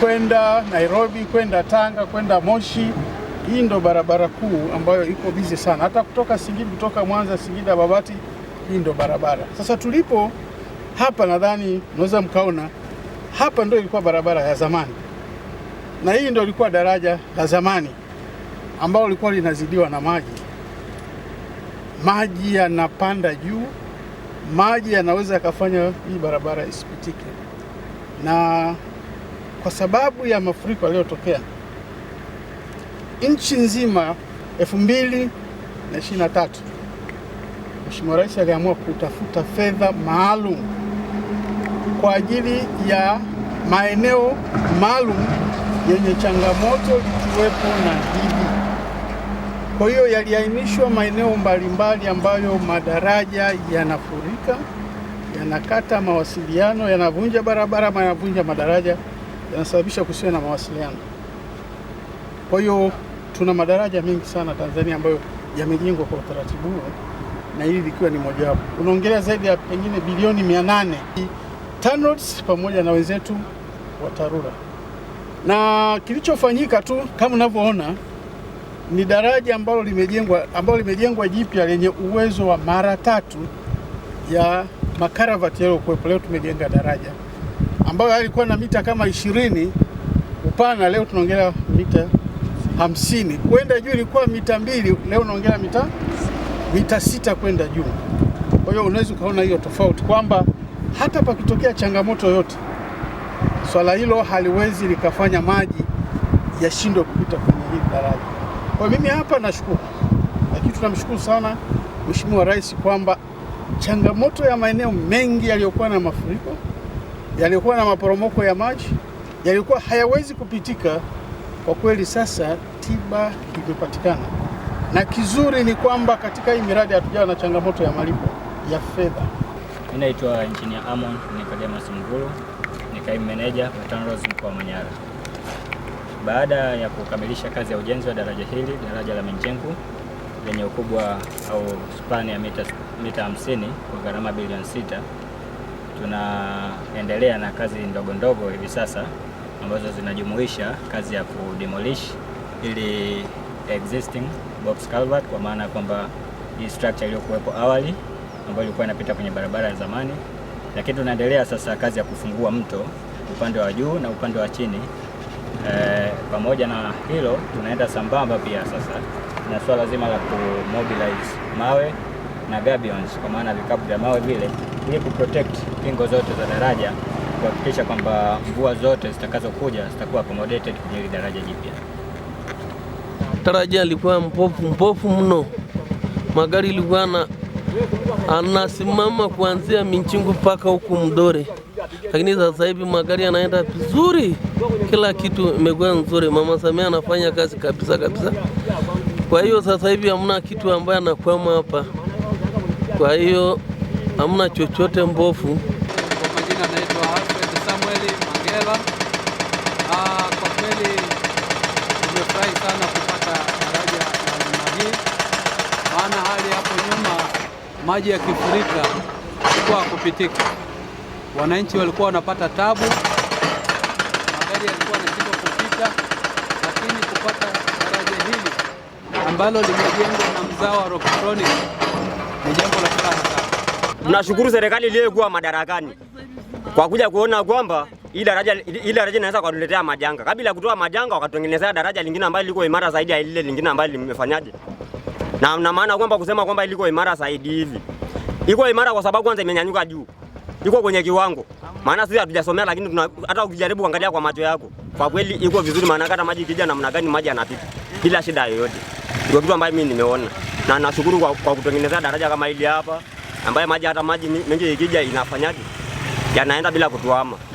kwenda Nairobi, kwenda Tanga, kwenda Moshi. Hii ndo barabara kuu ambayo iko bizi sana, hata kutoka Singida, kutoka Mwanza, Singida, Babati, hii ndo barabara. Sasa tulipo hapa, nadhani mnaweza mkaona hapa ndo ilikuwa barabara ya zamani, na hii ndo ilikuwa daraja la zamani ambalo lilikuwa linazidiwa na maji. Maji yanapanda juu, maji yanaweza yakafanya hii barabara isipitike na kwa sababu ya mafuriko yaliyotokea nchi nzima 2023, Mheshimiwa Rais aliamua kutafuta fedha maalum kwa ajili ya maeneo maalum yenye changamoto ikiwepo na hivi. Kwa hiyo yaliainishwa maeneo mbalimbali ambayo madaraja yanafurika, yanakata mawasiliano, yanavunja barabara, yanavunja madaraja yanasababisha kusiwe na mawasiliano. Kwa hiyo tuna madaraja mengi sana Tanzania ambayo yamejengwa kwa utaratibu huo na hili likiwa ni mojawapo. Unaongelea zaidi ya pengine bilioni 800 TANROADS pamoja na wenzetu wa TARURA, na kilichofanyika tu kama unavyoona ni daraja ambalo limejengwa ambalo limejengwa jipya lenye uwezo wa mara tatu ya makaravati yaliyokuwepo. Leo tumejenga daraja ambayo alikuwa na mita kama ishirini upana, leo tunaongelea mita hamsini kwenda juu. Ilikuwa mita mbili, leo unaongelea mita mita sita kwenda juu. Kwa hiyo unaweza ukaona hiyo tofauti kwamba hata pakitokea changamoto yote swala hilo haliwezi likafanya maji yashindwe kupita kwenye hili daraja. Kwa mimi hapa nashukuru, lakini tunamshukuru sana Mheshimiwa Rais kwamba changamoto ya maeneo mengi yaliyokuwa na mafuriko yalikuwa na maporomoko ya maji yalikuwa hayawezi kupitika. Kwa kweli sasa tiba imepatikana, na kizuri ni kwamba katika hii miradi hatujawa na changamoto ya malipo ya fedha. Mimi naitwa Engineer Amon Nikodemus Mgulu, ni kaimu meneja wa TANROADS mkoa wa Manyara. Baada ya kukamilisha kazi ya ujenzi wa daraja hili, daraja la menjengu lenye ukubwa au spani ya mita mita 50 kwa gharama bilioni 6 tunaendelea na kazi ndogo ndogo hivi sasa ambazo zinajumuisha kazi ya kudemolish ili existing box culvert, kwa maana kwamba hii structure iliyokuwepo awali ambayo ilikuwa inapita kwenye barabara ya zamani, lakini tunaendelea sasa kazi ya kufungua mto upande wa juu na upande wa chini. E, pamoja na hilo tunaenda sambamba pia sasa na swala zima la kumobilize mawe na gabions kwa maana vikapu vya mawe vile, ili kuprotect kingo zote za daraja kuhakikisha kwamba mvua zote zitakazokuja zitakuwa accommodated kwenye ile daraja jipya. Daraja likuwa mpofu mpofu mno, magari ilikuwa na anasimama kuanzia Minchingu mpaka huku Mdore, lakini sasa hivi magari yanaenda vizuri, kila kitu imekuwa nzuri. Mama Samia anafanya kazi kabisa kabisa. Kwa hiyo sasa hivi hamna kitu ambaye anakwama hapa. Kwa hiyo hamna chochote mbovu. Kwa majina anaitwa Alfred Samuel Mangela. Ah, kwa kweli tumefurahi sana kupata daraja la namna hii, maana hali hapo nyuma maji yakifurika ilikuwa kupitika, wananchi walikuwa wanapata tabu, magari yalikuwa yanashindwa kupita, lakini kupata daraja hili ambalo limejengwa na mzawa Rocktronic ni jambo la furaha sana. Tunashukuru serikali iliyokuwa madarakani kwa kuja kuona kwamba hii daraja ile daraja inaweza kutuletea majanga. Kabla kutoa majanga, wakatengenezea daraja lingine ambalo liko imara zaidi ya ile lingine ambalo limefanyaje, na na maana kwamba kusema kwamba iliko imara zaidi hivi, iko imara kwa sababu kwanza imenyanyuka juu, iko kwenye kiwango. Maana sisi hatujasomea, lakini hata ukijaribu kuangalia kwa macho yako, kwa kweli iko vizuri, maana hata maji kija namna gani, maji yanapita bila shida yoyote. Ndio kitu ambacho mimi nimeona na nashukuru kwa, kwa kutengenezea daraja kama hili hapa ambaye maji hata maji mengi ikija inafanyaje yanaenda bila kutuama.